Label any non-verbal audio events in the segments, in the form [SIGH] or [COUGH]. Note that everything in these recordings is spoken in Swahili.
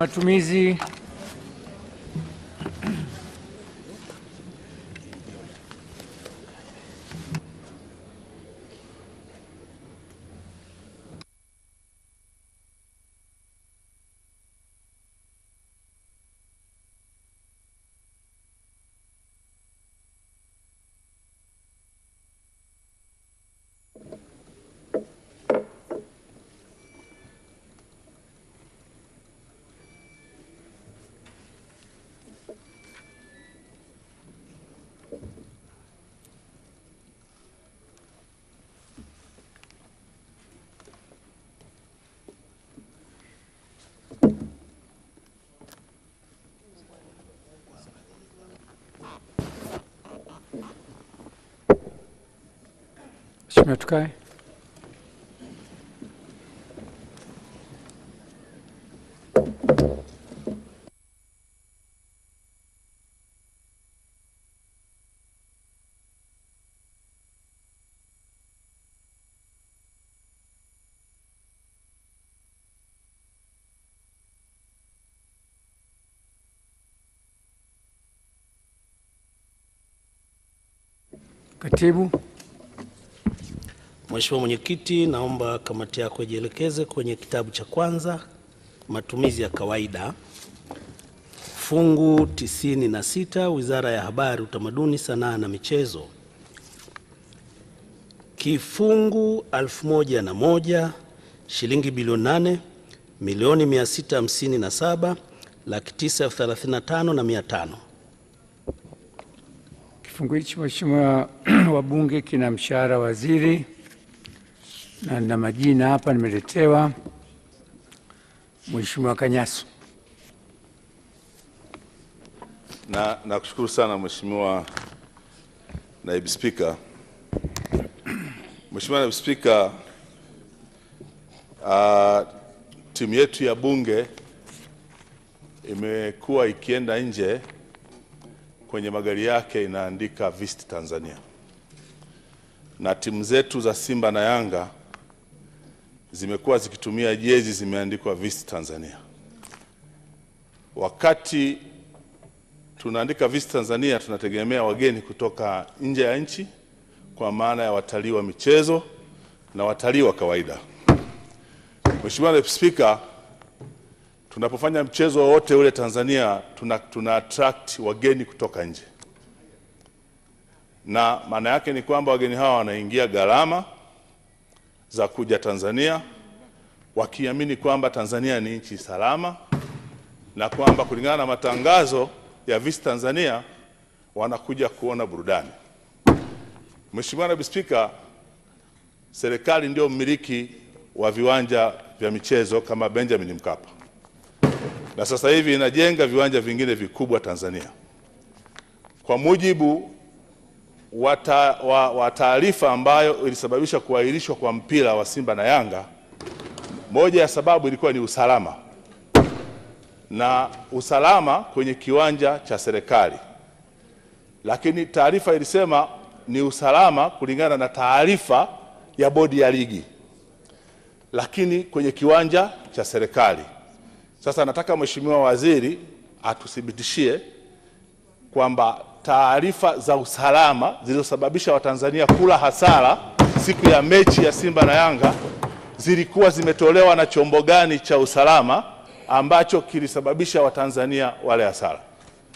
matumizi Okay. Gatibu. Mheshimiwa Mwenyekiti, naomba kamati yako ijielekeze kwenye kitabu cha kwanza matumizi ya kawaida fungu tisini na sita Wizara ya Habari, Utamaduni, Sanaa na Michezo, kifungu elfu moja na moja shilingi bilioni nane milioni 657 laki tisa na tano na mia tano. Kifungu hichi Mheshimiwa [CLEARS THROAT] wabunge, kina mshahara waziri na na majina hapa nimeletewa. Mheshimiwa Kanyasu. Na nakushukuru sana Mheshimiwa Naibu Spika. Mheshimiwa Naibu Spika, uh, timu yetu ya bunge imekuwa ikienda nje kwenye magari yake inaandika Visit Tanzania, na timu zetu za Simba na Yanga zimekuwa zikitumia jezi zimeandikwa Visit Tanzania. Wakati tunaandika Visit Tanzania, tunategemea wageni kutoka nje ya nchi, kwa maana ya watalii wa michezo na watalii wa kawaida. Mheshimiwa Naibu Spika, tunapofanya mchezo wowote ule Tanzania tuna, tuna attract wageni kutoka nje, na maana yake ni kwamba wageni hawa wanaingia gharama za kuja Tanzania wakiamini kwamba Tanzania ni nchi salama na kwamba kulingana na matangazo ya Visit Tanzania wanakuja kuona burudani. Mheshimiwa Naibu Spika, serikali ndio mmiliki wa viwanja vya michezo kama Benjamin Mkapa, na sasa hivi inajenga viwanja vingine vikubwa Tanzania. Kwa mujibu wa, wa taarifa ambayo ilisababisha kuahirishwa kwa mpira wa Simba na Yanga, moja ya sababu ilikuwa ni usalama na usalama kwenye kiwanja cha serikali, lakini taarifa ilisema ni usalama kulingana na taarifa ya bodi ya ligi, lakini kwenye kiwanja cha serikali. Sasa nataka Mheshimiwa Waziri atuthibitishie kwamba taarifa za usalama zilizosababisha Watanzania kula hasara siku ya mechi ya Simba na Yanga zilikuwa zimetolewa na chombo gani cha usalama ambacho kilisababisha Watanzania wale hasara,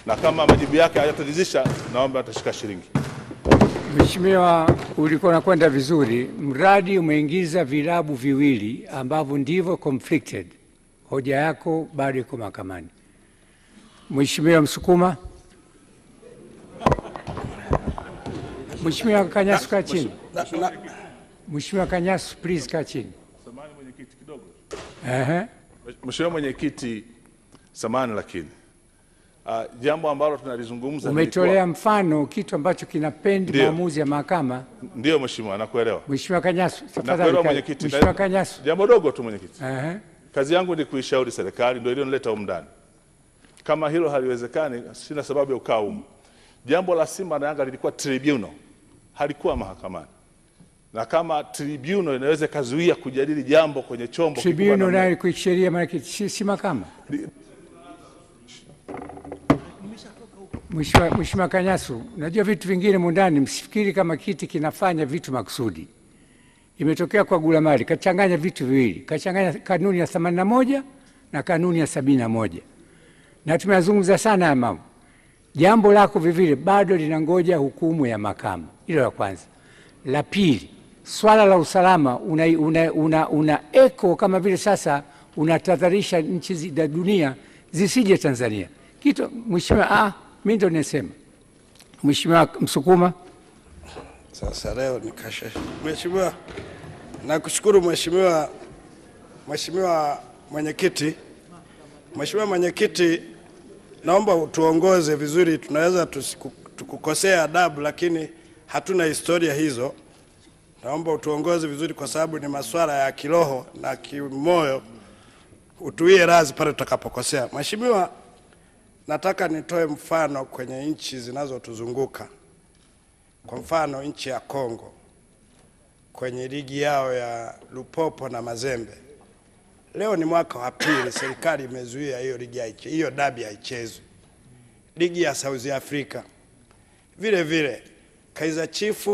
na kama majibu yake hayataridhisha, naomba atashika shilingi. Mheshimiwa, ulikuwa unakwenda vizuri, mradi umeingiza vilabu viwili ambavyo ndivyo conflicted. Hoja yako bado iko mahakamani. Mheshimiwa Msukuma. Mheshimiwa Kanyasu, Kachini, Mheshimiwa Kanyasu, please, Kachini. chini. Samahani mwenyekiti, kidogo. Ehe. Mheshimiwa mwenyekiti, samahani lakini Uh, jambo ambalo tunalizungumza umetolea mfano kitu ambacho kinapendi maamuzi ya mahakama. Ndio mheshimiwa, nakuelewa. Mheshimiwa Kanyasu, tafadhali. Mheshimiwa Kanyasu, jambo dogo tu mwenyekiti. Uh-huh. Kazi yangu ni kuishauri serikali, ndio iliyonileta huko ndani. Kama hilo haliwezekani, sina sababu ya kukaa humu. Jambo la Simba na Yanga lilikuwa tribunal halikuwa mahakamani na kama tribunal inaweza ikazuia kujadili jambo kwenye chombo tribunal nayo iko sheria, maana si mahakama. Mheshimiwa Kanyasu, najua vitu vingine mundani, msifikiri kama kiti kinafanya vitu makusudi. Imetokea kwa Gulamali, kachanganya vitu viwili, kachanganya kanuni ya 81 na kanuni ya 71 na moja na tumeyazungumza sana ya mambo jambo lako vivile bado linangoja hukumu ya mahakama. Hilo la kwanza. La pili, swala la usalama una, una, una, una eko kama vile sasa unatadharisha nchi za dunia zisije Tanzania kitu. Mheshimiwa, ah, mi ndo nesema Mheshimiwa Msukuma sasa leo nikasha. Mheshimiwa, nakushukuru Mheshimiwa, Mheshimiwa mwenyekiti, Mheshimiwa mwenyekiti naomba utuongoze vizuri. Tunaweza tukukosea adabu, lakini hatuna historia hizo. Naomba utuongoze vizuri, kwa sababu ni masuala ya kiroho na kimoyo. Utuie razi pale tutakapokosea. Mheshimiwa, nataka nitoe mfano kwenye nchi zinazotuzunguka. Kwa mfano nchi ya Kongo kwenye ligi yao ya lupopo na mazembe Leo ni mwaka wa pili serikali imezuia hiyo ligi hiyo dabi haichezwi. Ligi ya South Africa vile vile Kaizer Chiefs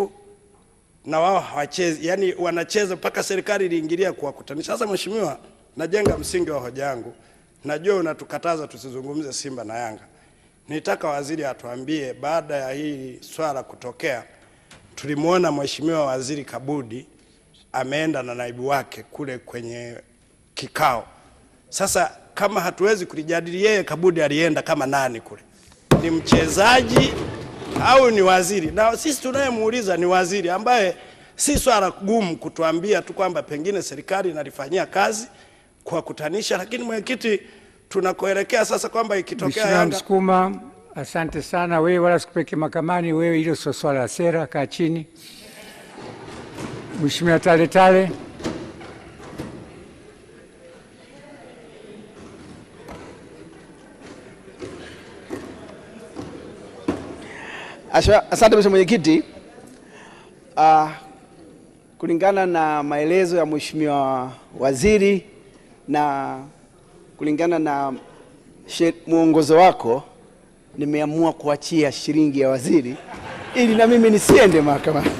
na wao hawachezi, yani wanacheza mpaka serikali iliingilia kuwakutanisha. Sasa mheshimiwa, najenga msingi wa hoja yangu. Najua unatukataza tusizungumze Simba na Yanga. Nitaka waziri atuambie baada ya hii swala kutokea. Tulimwona mheshimiwa waziri Kabudi ameenda na naibu wake kule kwenye kikao. Sasa kama hatuwezi kulijadili, yeye Kabudi alienda kama nani kule? Ni mchezaji au ni waziri? Na sisi tunayemuuliza ni waziri ambaye si swala gumu kutuambia tu kwamba pengine serikali inalifanyia kazi kwa kutanisha, lakini mwenyekiti, tunakoelekea sasa kwamba ikitokea Yanga... Msukuma, asante sana wewe, wala sikupeke makamani wewe, hilo sio swala la sera, kaa chini. Mheshimiwa Tale Tale. Asante Mheshimiwa Mwenyekiti. Uh, kulingana na maelezo ya Mheshimiwa Waziri na kulingana na mwongozo wako nimeamua kuachia shilingi ya waziri ili na mimi nisiende mahakamani.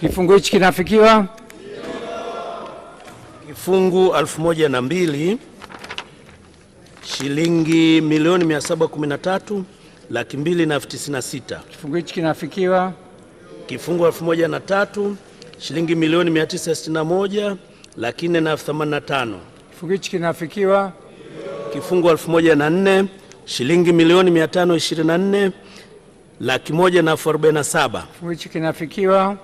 Kifungu hichi kinafikiwa kifungu elfu moja na mbili shilingi milioni 713 laki mbili na elfu tisini na sita. Kifungu hichi kinafikiwa kifungu elfu moja na tatu shilingi milioni 961 laki nne na elfu themanini na tano. Kifungu hichi kinafikiwa kifungu elfu moja na nne shilingi milioni 524 laki moja na elfu arobaini na saba. Kifungu hichi kinafikiwa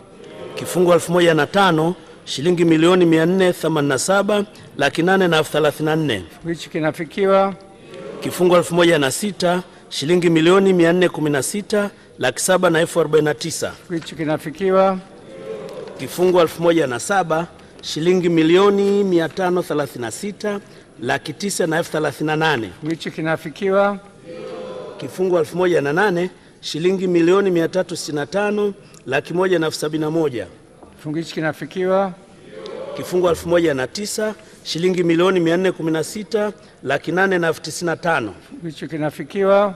kifungu elfu moja na tano shilingi milioni 487 laki 8 na 34 hichi kinafikiwa kifungu 1006 shilingi milioni 416 laki 7 na elfu 49 hichi kinafikiwa kifungu 1007 shilingi milioni 536 laki 9 na elfu 38 hichi kinafikiwa kifungu 1008 shilingi milioni 365 laki 1 na elfu 71 kifungu hichi kinafikiwa kifungu 1009 shilingi milioni 416 laki nane na elfu tano hicho kinafikiwa.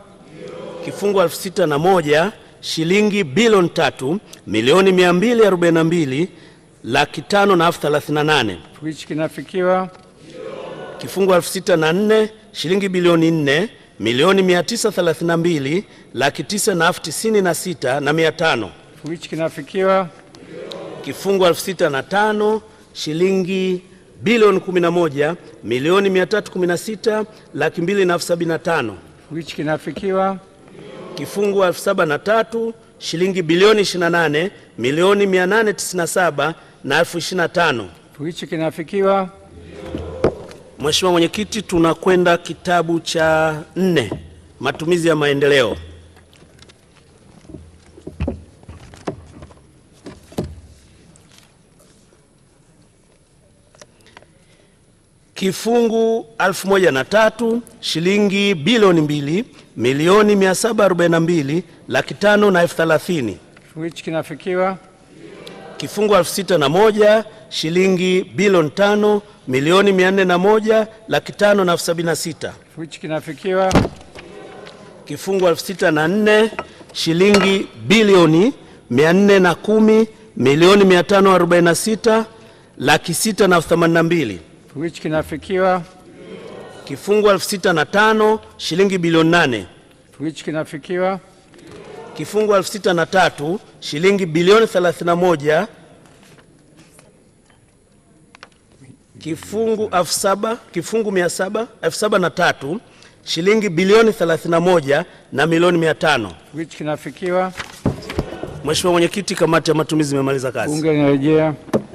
Kifungu 6001 shilingi bilioni tatu milioni 242 laki tano na elfu thelathini na nane hicho kinafikiwa. Kifungu 6004 shilingi bilioni 4 milioni 932 laki tisa na elfu tisini na sita na mia hicho kinafikiwa. Kifungu 6005 shilingi bilioni 11 milioni 316 laki mbili na elfu sabini na tano which kinafikiwa kifungu elfu saba na tatu shilingi bilioni 28 milioni 897 na elfu ishirini na tano which kinafikiwa. Mheshimiwa Mwenyekiti, tunakwenda kitabu cha nne, matumizi ya maendeleo. kifungu 1003 shilingi bilioni mbili milioni 742 laki tano na elfu thelathini. Kifungu hichi kinafikiwa kifungu 6001 shilingi bilioni tano milioni 401 laki tano na elfu sabini na sita. Kifungu hichi kinafikiwa kifungu 6004 shilingi bilioni 410 milioni 546 laki sita na elfu themanini na mbili which kinafikiwa kifungu elfu sita na tano shilingi bilioni nane which kinafikiwa kifungu elfu sita na tatu shilingi bilioni 31 kifungu elfu saba kifungu mia saba elfu saba na tatu shilingi bilioni 31 na milioni 500 which kinafikiwa. Mheshimiwa Mwenyekiti, kamati ya matumizi imemaliza kazi. Bunge linarejea.